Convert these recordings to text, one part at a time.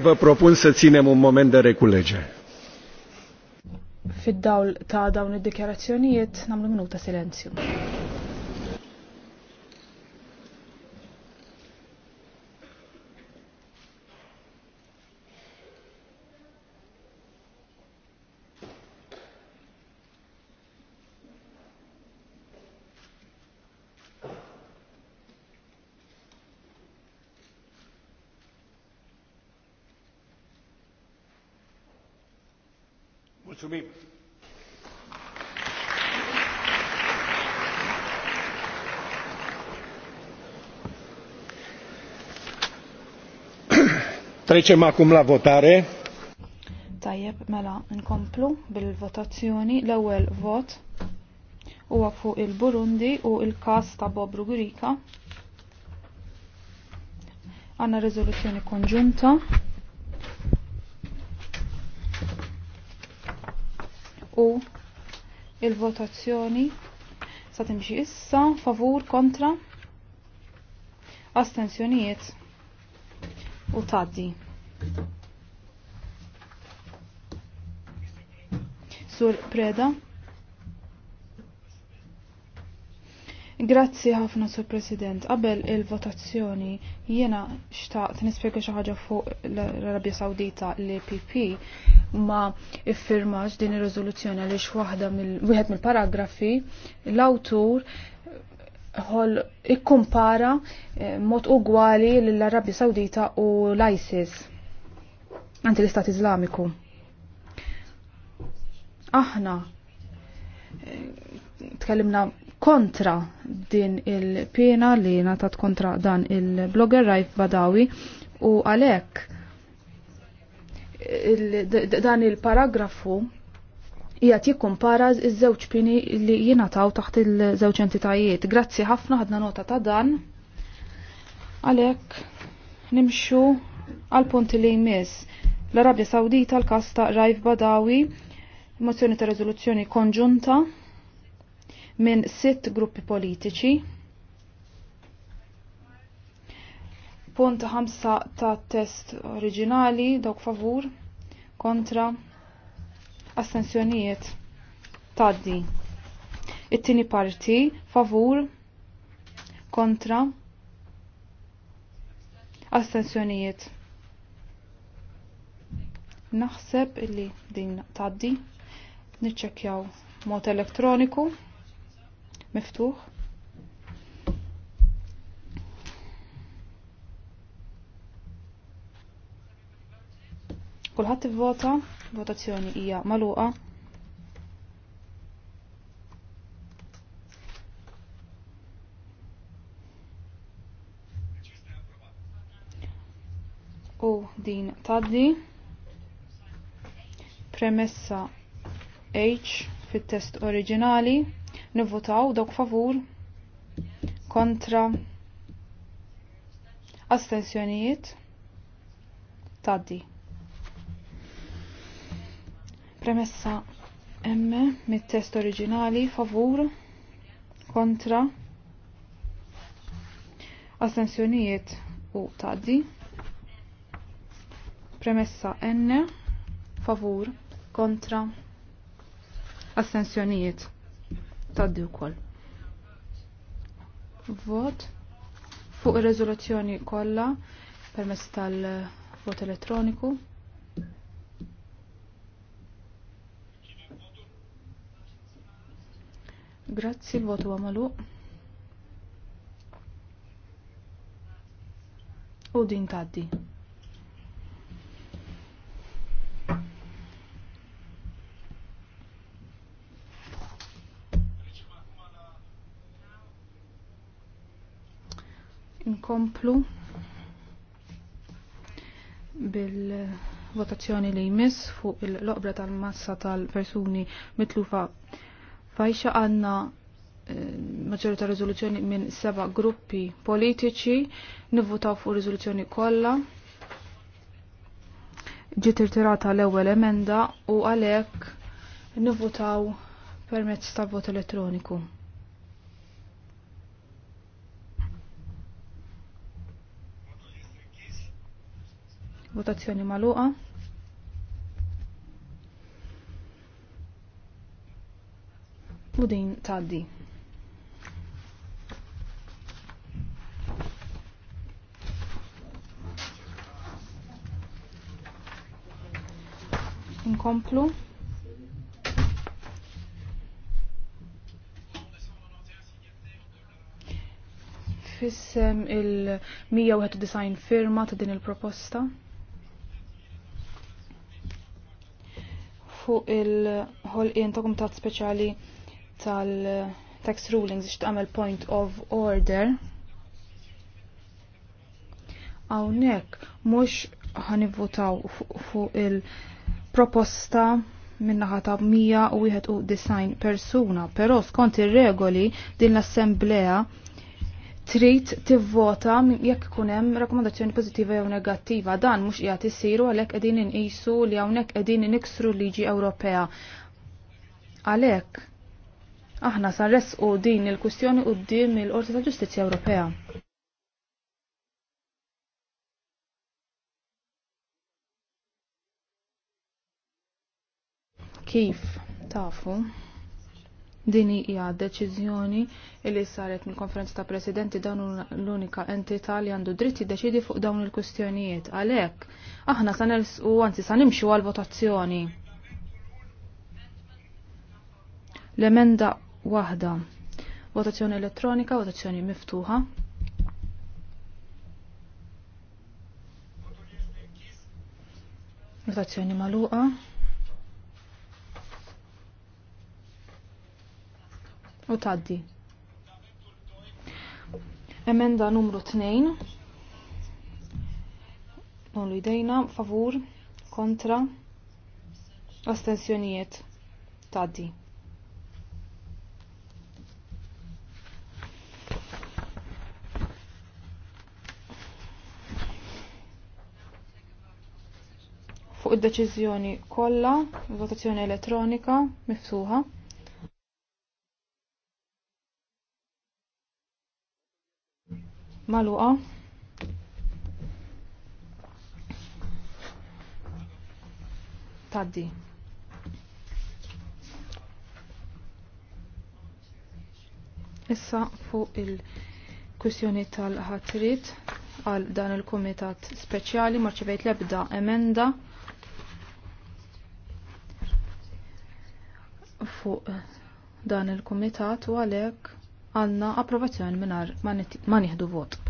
Vă propun să ținem un moment de reculege. Fid-dawl ta' dawn id-dikjarazzjonijiet namlu minuta silenzju. Mulțumim! Trecem acum la votare. Tajjeb, mela, nkomplu bil-votazzjoni. L-ewwel vot huwa fuq il-Burundi u il-każ ta' Bob Rugurika. Għandna riżoluzzjoni konġunta. u il-votazzjoni sa timxi issa favur kontra astensjonijiet u taddi. Sur preda. Grazzi ħafna sur President. Qabel il-votazzjoni jiena xtaqt nispjega xi ħaġa fuq l-Arabja Sawdita l PP ma iffirmax din ir-riżoluzzjoni għaliex waħda mill-wieħed mill-paragrafi l-awtur ħol ikkumpara eh, mod ugwali l-Arabja Sawdita u l-ISIS anti l-Istat Iżlamiku. Aħna eh, tkellimna kontra din il-pena li natat kontra dan il-blogger Raif Badawi u għalek dan il-paragrafu jgħat jikkumpara iż-żewġ pini li jinataw taħt il-żewġ entitajiet. Grazzi ħafna ħadna nota ta' dan. Għalek, nimxu għal punt li jmiss l-Arabja Sawdita l kasta Raif Badawi, mozzjoni ta' rezoluzzjoni konġunta minn sitt gruppi politiċi. Punt 5 ta' test oriġinali dawk favur kontra astensjonijiet taddi. It-tieni parti favur kontra astensjonijiet. Naħseb illi din taddi. Niċċekjaw mod elettroniku miftuħ. Kulħadd ivvota, votazzjoni hija magħluqa. U din taddi premessa H fit-test oriġinali nivvotaw dawk favur kontra astensjonijiet taddi. Premessa M mit-test oriġinali favur kontra astensjonijiet u taddi. Premessa N favur kontra astensjonijiet taddi wkoll. Vot fuq ir-riżoluzzjoni kollha permezz tal-vot elettroniku. Grazzi, il voto għamalu. U din taddi. nkomplu bil-votazzjoni li jmiss fuq il-loqbra tal-massa tal-persuni mitlufa fajxa għanna eh, maġġorita riżoluzzjoni minn seba gruppi politiċi nivvutaw fuq riżoluzzjoni kollha ġiet irtirata l-ewwel emenda u għalhekk nivvutaw permezz tal-vot elettroniku. Votazzjoni maluqa. U din taddi. Inkomplu. fissem il-191 firma ta' din il-proposta. fuq il-ħolqien ta' kumitat speċjali tal-tax rulings biex tagħmel point of order. Hawnhekk mhux ħanivvutaw fuq il-proposta minnaħa ta' 191 persuna, però skont ir-regoli din l-assemblea trid tivvota jekk ikun hemm rakkomandazzjoni pożittiva jew negattiva. Dan mhux qiegħed isiru għalhekk qegħdin inqisu li hawnhekk qegħdin iniksru liġi Ewropea. Għalhekk aħna sarresqu din il-kwistjoni quddiem il-Qorti ta' Ġustizzja Ewropea. Kif tafu? Din hija deċiżjoni li saret mill-Konferenza ta' Presidenti dawn l-unika entità li għandu dritt jiddeċidi fuq dawn il-kustjonijiet. Għalhekk aħna sa u anzi sa nimxu għal votazzjoni. L-emenda waħda. Votazzjoni elettronika, votazzjoni miftuħa. Votazzjoni maluqa. u taddi. Emenda numru 2. Nullu idejna favur kontra astensjonijiet taddi. Fuq id-deċiżjoni kollha, votazzjoni elettronika miftuħa. maluqa. Taddi. Issa fuq il-kwissjoni tal-ħatrit għal dan il-komitat speċjali marċivejt lebda emenda fuq dan il-komitat u għalek għanna approvazzjoni minar ma nieħdu vot.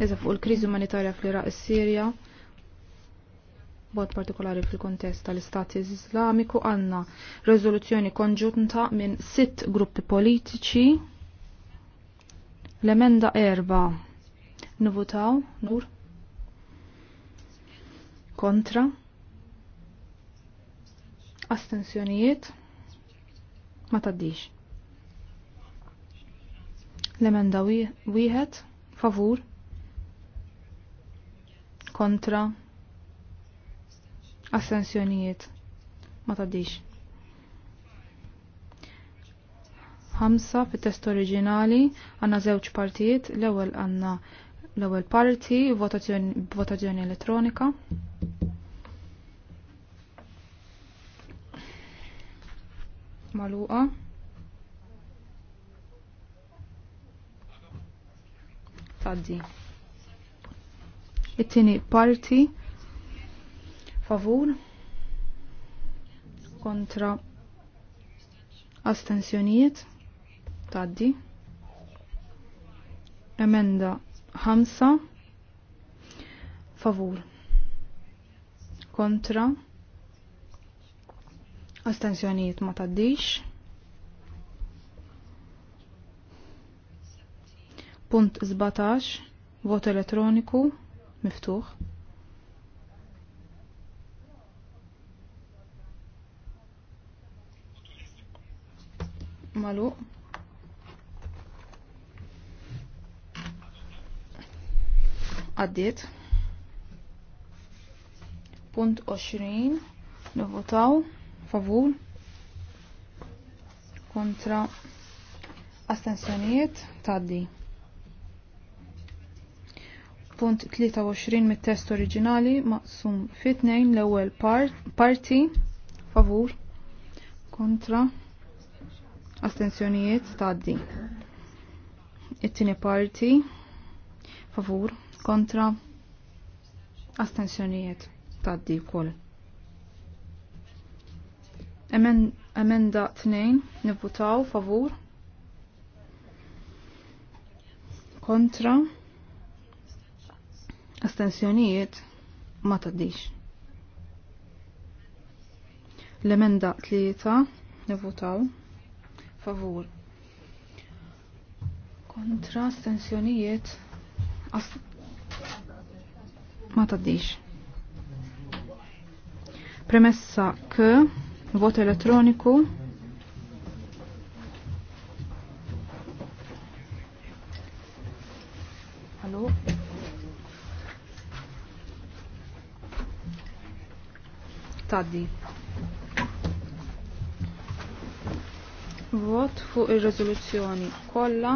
Iżda fuq il-kriżi umanitarja fl-Iraq is-Sirja, bod partikolari fil-kontest tal-Istati Islamiku għanna rezoluzzjoni konġunta minn sitt gruppi politiċi. L-emenda erba nivutaw, nur, kontra, astensjonijiet, ma taddix. L-emenda wieħed, favur, kontra assenzjonijiet ma taddix. Ħamsa fit-test oriġinali għandna żewġ partijiet, l-ewwel għandna l-ewwel parti votazzjoni elettronika. Maluqa. Taddi. It-tieni parti favur kontra astensjonijiet taddi. Emenda ħamsa, favur kontra astensjonijiet ma taddix. Punt 17 vot elettroniku miftuħ. Malu. Għaddiet. Punt 20. Nivvotaw. Favur. Kontra. Astensjoniet. Taddi. 1.23 mit-test oriġinali maqsum fit-tnejn l-ewwel parti favur kontra astensjonijiet tgħaddi. It-tieni parti favur kontra astensjonijiet tgħaddi wkoll. Emenda tnejn nivvutaw favur kontra astensjonijiet ma taddix. L-emenda tlieta nevutaw favur. Kontra astensjonijiet ast ma taddix. Premessa k vot elettroniku taddi. Vot fuq ir-riżoluzzjoni kollha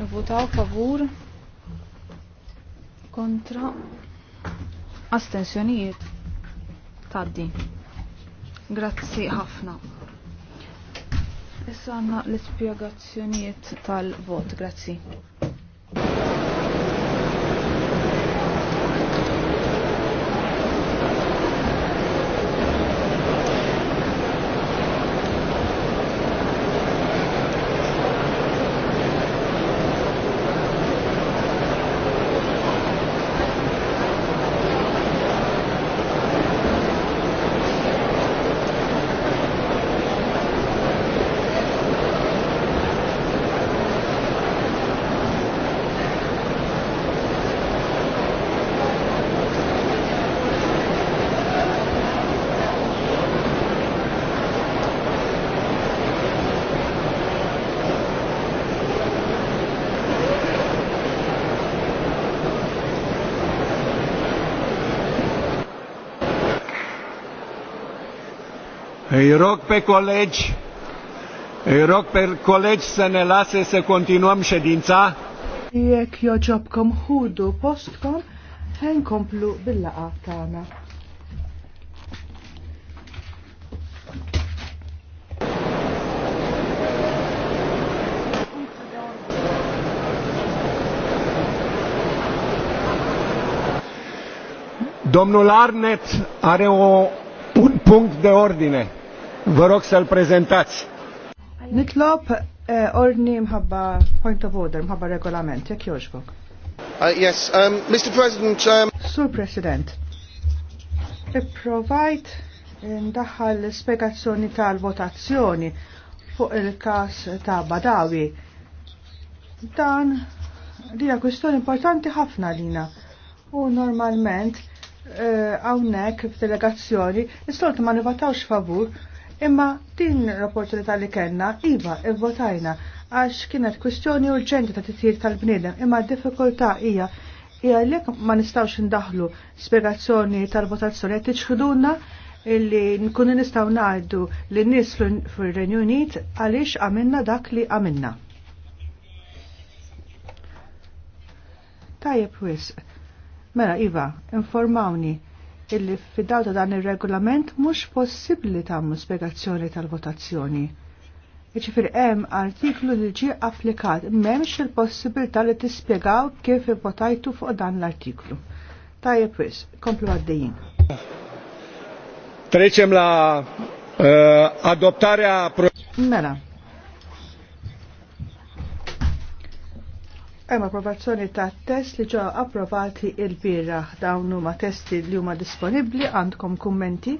nivvotaw favur kontra astensjonijiet taddi. Grazzi ħafna. Issa għanna l-ispiegazzjonijiet tal-vot. Grazzi. Îi pe colegi, îi pe colegi să ne lase să continuăm ședința. Jek joġobkom hudu postkom, ħen komplu bil-laqa tagħna. Domnul Arnet are o, un punct de ordine. Vă rog să-l prezentați. Nitlob eh, ordni mħabba point of order, mħabba regolament, jek joġbok. Uh, yes, um, Mr. President. Um... Sur President, i-provajt ndaħal spiegazzjoni tal-votazzjoni fuq il-kas ta' Badawi. Dan la kwistjoni importanti ħafna lina. U normalment eh, hawnhekk uh, f'delegazzjoni is-soltu ma nivatawx favur Imma din l-opportunità li kellna iva votajna għax kienet kwistjoni urġenti ta' titjir tal-bniedem imma d-diffikultà hija hija li ma nistgħux indaħlu spjegazzjoni tal-votazzjoni qed tiġħidulna illi nkunu nistgħu ngħidu li nies fir-Renju Unit għaliex għamilna dak li għamilna. Tajjeb wisq. Mela, Iva, informawni illi fidaw ta' dan il-regolament mux possibli tagħmlu spiegazzjoni tal-votazzjoni. Iċifir hemm artiklu li ġie applikat m'hemmx il-possibilità li tispjegaw kif votajtu fuq dan l-artiklu. Tajjeb wis, komplu għaddejjin. Treċem la uh, a Mela, Hemm approvazzjoni ta' test li ġew approvati il-bieraħ dawn huma testi li huma disponibbli għandkom kummenti?